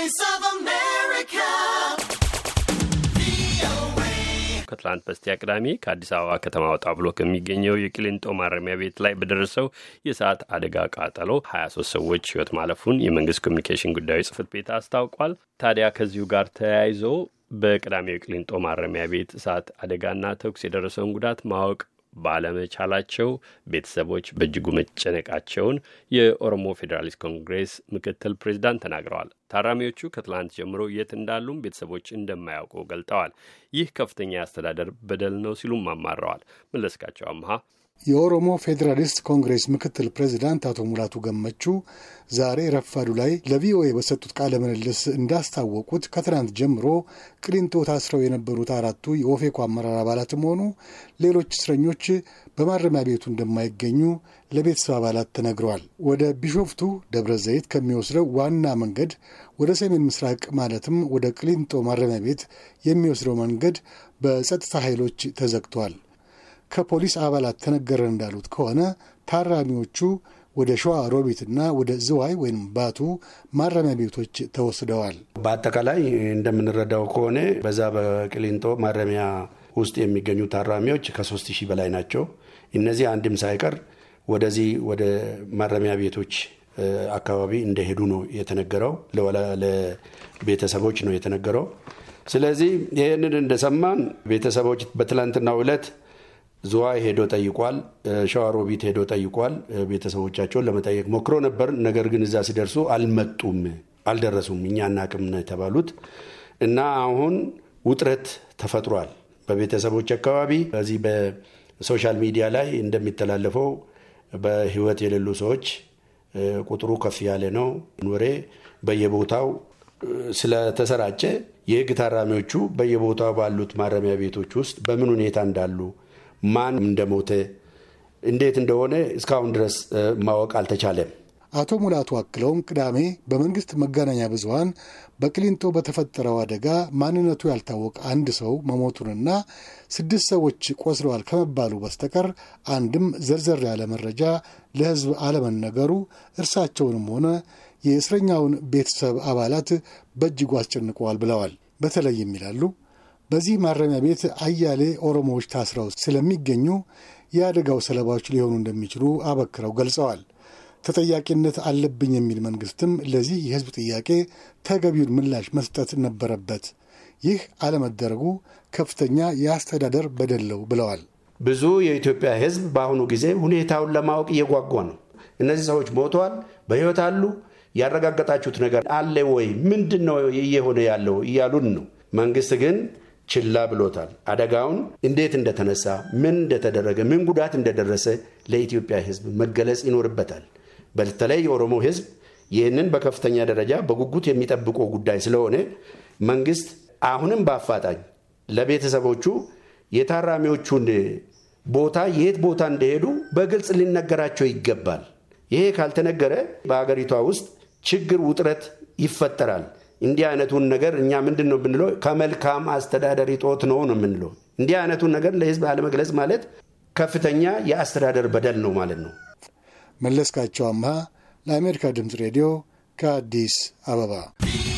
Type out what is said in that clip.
Voice of America. ከትላንት በስቲያ ቅዳሜ ከአዲስ አበባ ከተማ ወጣ ብሎ ከሚገኘው የቅሊንጦ ማረሚያ ቤት ላይ በደረሰው የእሳት አደጋ ቃጠሎ 23 ሰዎች ሕይወት ማለፉን የመንግስት ኮሚኒኬሽን ጉዳዮች ጽህፈት ቤት አስታውቋል። ታዲያ ከዚሁ ጋር ተያይዞ በቅዳሜው የቅሊንጦ ማረሚያ ቤት እሳት አደጋና ተኩስ የደረሰውን ጉዳት ማወቅ ባለመቻላቸው ቤተሰቦች በእጅጉ መጨነቃቸውን የኦሮሞ ፌዴራሊስት ኮንግሬስ ምክትል ፕሬዚዳንት ተናግረዋል። ታራሚዎቹ ከትላንት ጀምሮ የት እንዳሉም ቤተሰቦች እንደማያውቁ ገልጠዋል። ይህ ከፍተኛ አስተዳደር በደል ነው ሲሉም አማረዋል። መለስካቸው አምሃ የኦሮሞ ፌዴራሊስት ኮንግሬስ ምክትል ፕሬዚዳንት አቶ ሙላቱ ገመቹ ዛሬ ረፋዱ ላይ ለቪኦኤ በሰጡት ቃለ ምልልስ እንዳስታወቁት ከትናንት ጀምሮ ቅሊንጦ ታስረው የነበሩት አራቱ የኦፌኮ አመራር አባላትም ሆኑ ሌሎች እስረኞች በማረሚያ ቤቱ እንደማይገኙ ለቤተሰብ አባላት ተነግረዋል። ወደ ቢሾፍቱ ደብረ ዘይት ከሚወስደው ዋና መንገድ ወደ ሰሜን ምስራቅ ማለትም ወደ ቅሊንጦ ማረሚያ ቤት የሚወስደው መንገድ በጸጥታ ኃይሎች ተዘግቷል። ከፖሊስ አባላት ተነገረ እንዳሉት ከሆነ ታራሚዎቹ ወደ ሸዋ ሮቢትና ወደ ዝዋይ ወይም ባቱ ማረሚያ ቤቶች ተወስደዋል። በአጠቃላይ እንደምንረዳው ከሆነ በዛ በቅሊንጦ ማረሚያ ውስጥ የሚገኙ ታራሚዎች ከሶስት ሺህ በላይ ናቸው። እነዚህ አንድም ሳይቀር ወደዚህ ወደ ማረሚያ ቤቶች አካባቢ እንደሄዱ ነው የተነገረው። ለቤተሰቦች ነው የተነገረው። ስለዚህ ይህንን እንደሰማን ቤተሰቦች በትላንትናው ዕለት ዝዋይ ሄዶ ጠይቋል። ሸዋሮቢት ሄዶ ጠይቋል። ቤተሰቦቻቸውን ለመጠየቅ ሞክሮ ነበር። ነገር ግን እዛ ሲደርሱ አልመጡም፣ አልደረሱም። እኛ እናቅም ነው የተባሉት እና አሁን ውጥረት ተፈጥሯል በቤተሰቦች አካባቢ። በዚህ በሶሻል ሚዲያ ላይ እንደሚተላለፈው በህይወት የሌሉ ሰዎች ቁጥሩ ከፍ ያለ ነው። ወሬ በየቦታው ስለተሰራጨ የህግ ታራሚዎቹ በየቦታው ባሉት ማረሚያ ቤቶች ውስጥ በምን ሁኔታ እንዳሉ ማን እንደሞተ እንዴት እንደሆነ እስካሁን ድረስ ማወቅ አልተቻለም። አቶ ሙላቱ አክለውም ቅዳሜ በመንግስት መገናኛ ብዙኃን በቅሊንጦ በተፈጠረው አደጋ ማንነቱ ያልታወቀ አንድ ሰው መሞቱንና ስድስት ሰዎች ቆስለዋል ከመባሉ በስተቀር አንድም ዘርዘር ያለ መረጃ ለሕዝብ አለመነገሩ እርሳቸውንም ሆነ የእስረኛውን ቤተሰብ አባላት በእጅጉ አስጨንቀዋል ብለዋል። በተለይም ይላሉ በዚህ ማረሚያ ቤት አያሌ ኦሮሞዎች ታስረው ስለሚገኙ የአደጋው ሰለባዎች ሊሆኑ እንደሚችሉ አበክረው ገልጸዋል። ተጠያቂነት አለብኝ የሚል መንግስትም ለዚህ የህዝብ ጥያቄ ተገቢውን ምላሽ መስጠት ነበረበት። ይህ አለመደረጉ ከፍተኛ የአስተዳደር በደል ብለዋል። ብዙ የኢትዮጵያ ህዝብ በአሁኑ ጊዜ ሁኔታውን ለማወቅ እየጓጓ ነው። እነዚህ ሰዎች ሞተዋል? በህይወት አሉ? ያረጋገጣችሁት ነገር አለ ወይ? ምንድን ነው እየሆነ ያለው? እያሉን ነው። መንግስት ግን ችላ ብሎታል። አደጋውን እንዴት እንደተነሳ፣ ምን እንደተደረገ፣ ምን ጉዳት እንደደረሰ ለኢትዮጵያ ሕዝብ መገለጽ ይኖርበታል። በተለይ የኦሮሞ ሕዝብ ይህንን በከፍተኛ ደረጃ በጉጉት የሚጠብቀው ጉዳይ ስለሆነ መንግስት አሁንም በአፋጣኝ ለቤተሰቦቹ የታራሚዎቹን ቦታ የት ቦታ እንደሄዱ በግልጽ ሊነገራቸው ይገባል። ይሄ ካልተነገረ በአገሪቷ ውስጥ ችግር፣ ውጥረት ይፈጠራል። እንዲህ አይነቱን ነገር እኛ ምንድን ነው ብንለው ከመልካም አስተዳደር ጦት ነው ነው የምንለው። እንዲህ አይነቱን ነገር ለህዝብ አለመግለጽ ማለት ከፍተኛ የአስተዳደር በደል ነው ማለት ነው። መለስካቸው አምሃ ለአሜሪካ ድምፅ ሬዲዮ ከአዲስ አበባ